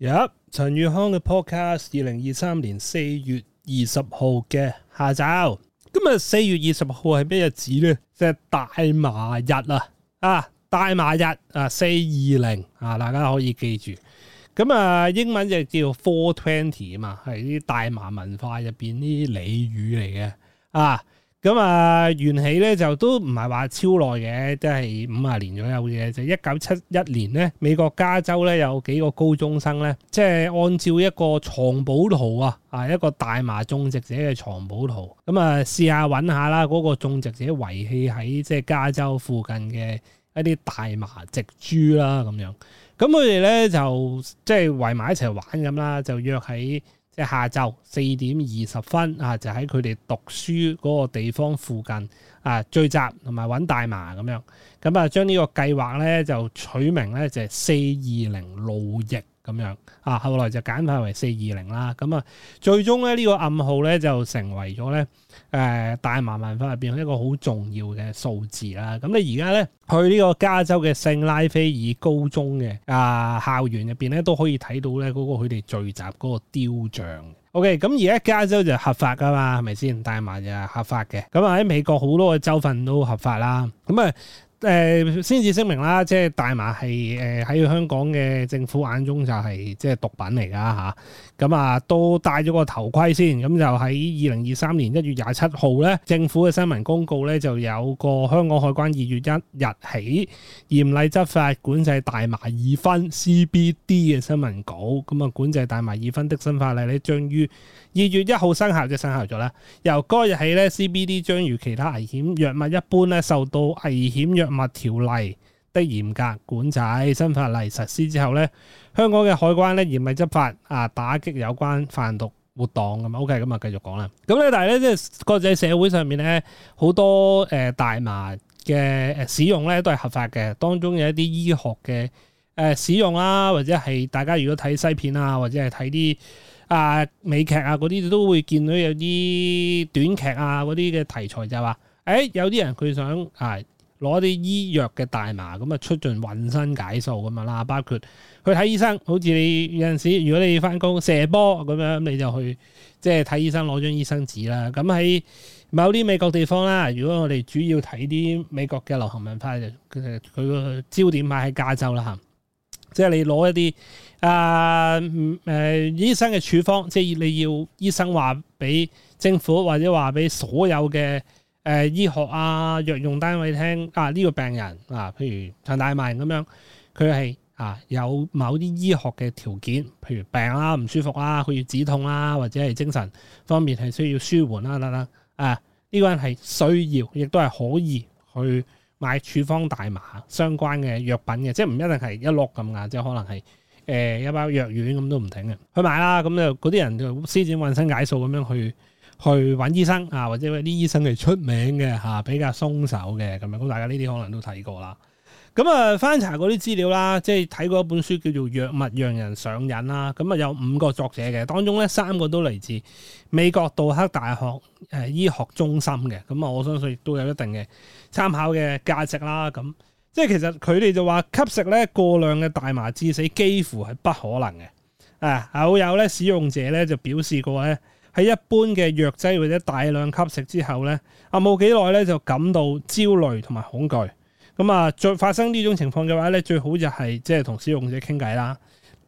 有陳宇康嘅 podcast，二零二三年四月二十號嘅下晝。今日四月二十號係咩日子咧？即係大麻日啊！啊，大麻日啊，四二零啊，大家可以記住。咁啊，英文就叫 Four Twenty 啊，係啲大麻文化入邊啲俚語嚟嘅啊。咁啊，緣起咧就都唔係話超耐嘅，即係五十年左右嘅。就一九七一年咧，美國加州咧有幾個高中生咧，即係按照一個藏寶圖啊，啊一個大麻種植者嘅藏寶圖。咁啊，試，試下揾下啦，嗰個種植者遺棄喺即係加州附近嘅一啲大麻植株啦，咁樣。咁佢哋咧就即係圍埋一齊玩咁啦，就約喺下晝四點二十分啊，就喺佢哋讀書嗰個地方附近啊聚集，同埋揾大麻咁樣，咁啊將呢個計劃呢就取名呢，就係四二零路易。咁樣啊，後來就簡化為四二零啦。咁啊，最終咧，呢個暗號咧就成為咗咧誒大麻文化入邊一個好重要嘅數字啦。咁你而家咧去呢個加州嘅聖拉斐爾高中嘅啊校園入邊咧都可以睇到咧嗰個佢哋聚集嗰個雕像。OK，咁而家加州就合法噶嘛，係咪先？大麻就合法嘅。咁啊喺美國好多嘅州份都合法啦。咁啊。誒先至聲明啦，即係大麻係誒喺香港嘅政府眼中就係、是、即係毒品嚟㗎嚇，咁啊都戴咗個頭盔先。咁就喺二零二三年一月廿七號咧，政府嘅新聞公告咧就有個香港海關二月一日起嚴厲執法管制大麻二酚 CBD 嘅新聞稿，咁啊管制大麻二酚的新法例咧將於二月一號生效，即生效咗啦。由嗰日起咧 CBD 將如其他危險藥物一般咧受到危險藥。物條例的嚴格管制，新法例實施之後咧，香港嘅海關咧嚴厲執法，啊打擊有關販毒活動，咁啊 OK，咁啊繼續講啦。咁咧，但係咧，即係國際社會上面咧，好多誒大麻嘅誒使用咧都係合法嘅，當中有一啲醫學嘅誒使用啦，或者係大家如果睇西片啊，或者係睇啲啊美劇啊嗰啲，都會見到有啲短劇啊嗰啲嘅題材就係、是、話，誒、欸、有啲人佢想啊。攞啲醫藥嘅大麻咁啊，出盡渾身解數咁啊啦，包括去睇醫生，好似你有陣時，如果你返翻工射波咁樣，你就去即係睇醫生攞張醫生紙啦。咁喺某啲美國地方啦，如果我哋主要睇啲美國嘅流行文化，就佢、是、個焦點擺喺加州啦嚇。即、就、係、是、你攞一啲啊、呃呃、醫生嘅處方，即、就、係、是、你要醫生話俾政府或者話俾所有嘅。誒、呃、醫學啊，藥用單位聽啊，呢、這個病人啊，譬如陳大萬咁樣，佢係啊有某啲醫學嘅條件，譬如病啦、啊、唔舒服啦、啊，佢要止痛啦、啊，或者係精神方面係需要舒緩啦、啊、等等啊，呢、啊這個人係需要，亦都係可以去買處方大麻相關嘅藥品嘅，即係唔一定係一粒咁㗎，即係可能係誒、呃、一包藥丸咁都唔停嘅去買啦、啊。咁就嗰啲人就施展渾身解數咁樣去。去揾醫生啊，或者啲醫生係出名嘅吓，比較鬆手嘅咁樣。咁大家呢啲可能都睇過啦。咁啊，翻查嗰啲資料啦，即係睇過一本書叫做《藥物讓人上癮》啦。咁啊，有五個作者嘅，當中呢三個都嚟自美國杜克大學誒醫學中心嘅。咁啊，我相信亦都有一定嘅參考嘅價值啦。咁即係其實佢哋就話吸食呢過量嘅大麻致死幾乎係不可能嘅。啊，偶有咧使用者咧就表示過咧。喺一般嘅藥劑或者大量吸食之後咧，啊冇幾耐咧就感到焦慮同埋恐懼。咁啊，再發生呢種情況嘅話咧，最好就係即係同使用者傾偈啦，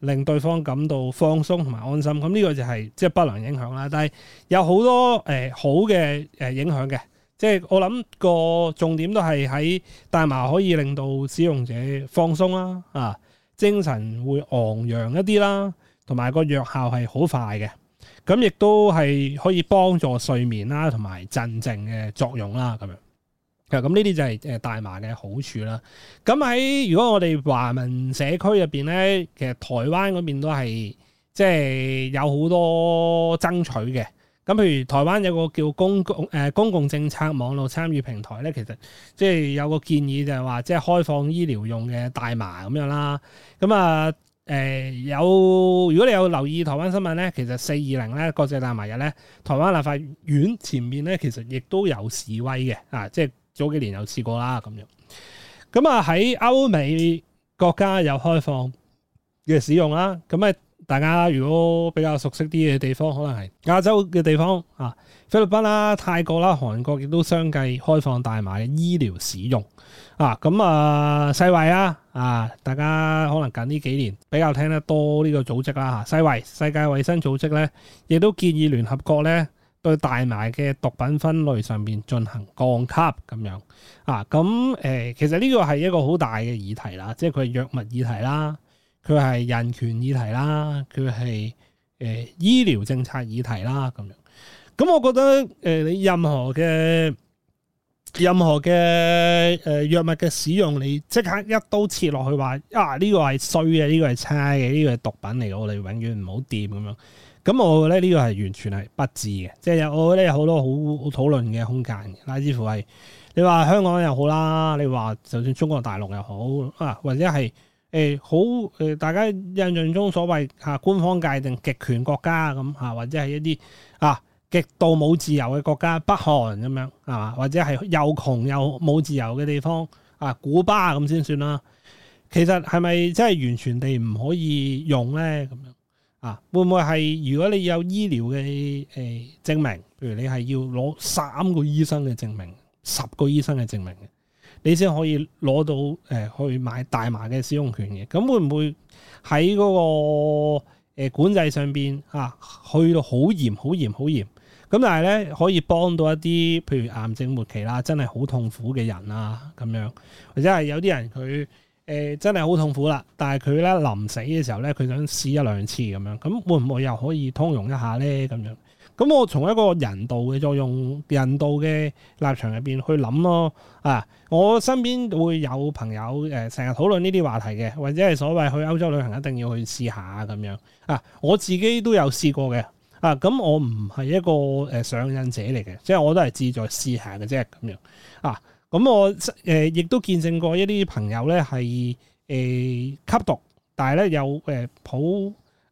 令對方感到放鬆同埋安心。咁呢個就係即係不良影響啦。但係有很多好多誒好嘅誒影響嘅，即係我諗個重點都係喺大麻可以令到使用者放鬆啦，啊精神會昂揚一啲啦，同埋個藥效係好快嘅。咁亦都係可以幫助睡眠啦，同埋鎮靜嘅作用啦，咁樣。咁呢啲就係誒大麻嘅好處啦。咁喺如果我哋華文社區入面咧，其實台灣嗰邊都係即係有好多爭取嘅。咁譬如台灣有個叫公共誒公共政策網絡參與平台咧，其實即係有個建議就係話，即係開放醫療用嘅大麻咁樣啦。咁啊～誒、呃，有如果你有留意台灣新聞咧，其實四二零咧國際大麻日咧，台灣立法院前面咧，其實亦都有示威嘅，啊，即係早幾年有試過啦咁樣咁啊，喺歐美國家有開放嘅使用啦。咁啊，大家如果比較熟悉啲嘅地方，可能係亞洲嘅地方啊，菲律賓啦、啊、泰國啦、啊、韓國亦都相繼開放大麻嘅醫療使用。啊，咁啊，世衛啊。啊！大家可能近呢幾年比較聽得多呢個組織啦嚇，世衞世界衞生組織咧，亦都建議聯合國咧對大麻嘅毒品分類上面進行降級咁樣啊！咁、嗯、誒、呃，其實呢個係一個好大嘅議題啦，即係佢係藥物議題啦，佢係人權議題啦，佢係誒醫療政策議題啦咁樣。咁、嗯、我覺得誒、呃，你任何嘅。任何嘅誒藥物嘅使用，你即刻一刀切落去話啊！呢個係衰嘅，呢個係差嘅，呢個係毒品嚟嘅，我哋永遠唔好掂咁樣。咁我覺得呢個係完全係不智嘅，即係有我覺得有好多好好討論嘅空間。拉之乎係你話香港又好啦，你話就算中國大陸又好啊，或者係誒好誒大家印象中所謂嚇官方界定極權國家咁嚇，或者係一啲啊。極度冇自由嘅國家，北韓咁樣，係嘛？或者係又窮又冇自由嘅地方，啊，古巴咁先算啦。其實係咪真係完全地唔可以用呢？咁樣啊，會唔會係如果你有醫療嘅誒、呃、證明，譬如你係要攞三個醫生嘅證明、十個醫生嘅證明嘅，你先可以攞到誒、呃、去買大麻嘅使用權嘅？咁會唔會喺嗰、那個、呃、管制上邊啊，去到好嚴、好嚴、好嚴？咁但係咧，可以幫到一啲，譬如癌症末期啦，真係好痛苦嘅人啦，咁樣，或者係有啲人佢誒、呃、真係好痛苦啦，但係佢咧臨死嘅時候咧，佢想試一兩次咁樣，咁會唔會又可以通融一下咧？咁樣，咁我從一個人道嘅作用、人道嘅立場入邊去諗咯啊！我身邊會有朋友誒，成日討論呢啲話題嘅，或者係所謂去歐洲旅行一定要去試下咁樣啊！我自己都有試過嘅。啊，咁我唔係一個、呃、上癮者嚟嘅，即係我都係志在試下嘅啫咁樣。啊，咁我亦、呃、都見證過一啲朋友咧係、呃、吸毒，但係咧有誒好、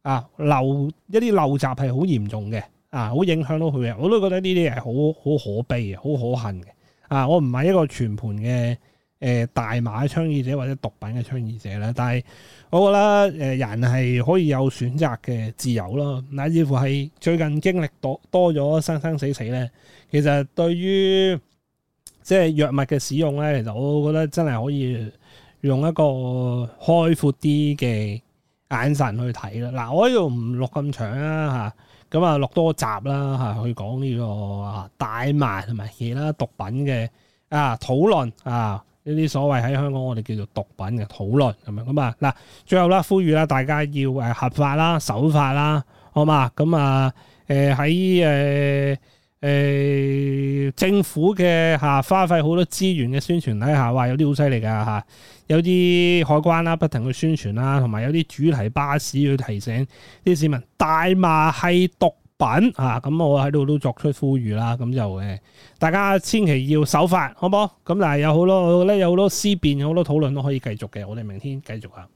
呃、啊漏一啲陋習係好嚴重嘅，啊好影響到佢嘅。我都覺得呢啲係好好可悲啊，好可恨嘅。啊，我唔係一個全盤嘅。誒、呃、大麻嘅倡議者或者毒品嘅倡議者咧，但係我覺得誒人係可以有選擇嘅自由咯，乃至乎係最近經歷多多咗生生死死咧，其實對於即係藥物嘅使用咧，其實我覺得真係可以用一個開闊啲嘅眼神去睇啦。嗱、呃，我呢度唔錄咁長啦，嚇，咁啊錄多集啦嚇、啊、去講呢個啊大麻同埋其他毒品嘅啊討論啊。呢啲所謂喺香港我哋叫做毒品嘅討論咁樣咁啊嗱，最後啦，呼籲啦大家要誒合法啦、守法啦，好嘛？咁啊誒喺誒誒政府嘅嚇花費好多資源嘅宣傳底下，話有啲好犀利噶嚇，有啲海關啦不停去宣傳啦，同埋有啲主題巴士去提醒啲市民大麻係毒品啊，咁我喺度都作出呼籲啦，咁就誒，大家千祈要守法，好唔好？咁但係有好多，我有好多思辨，好多討論都可以繼續嘅，我哋明天繼續啊。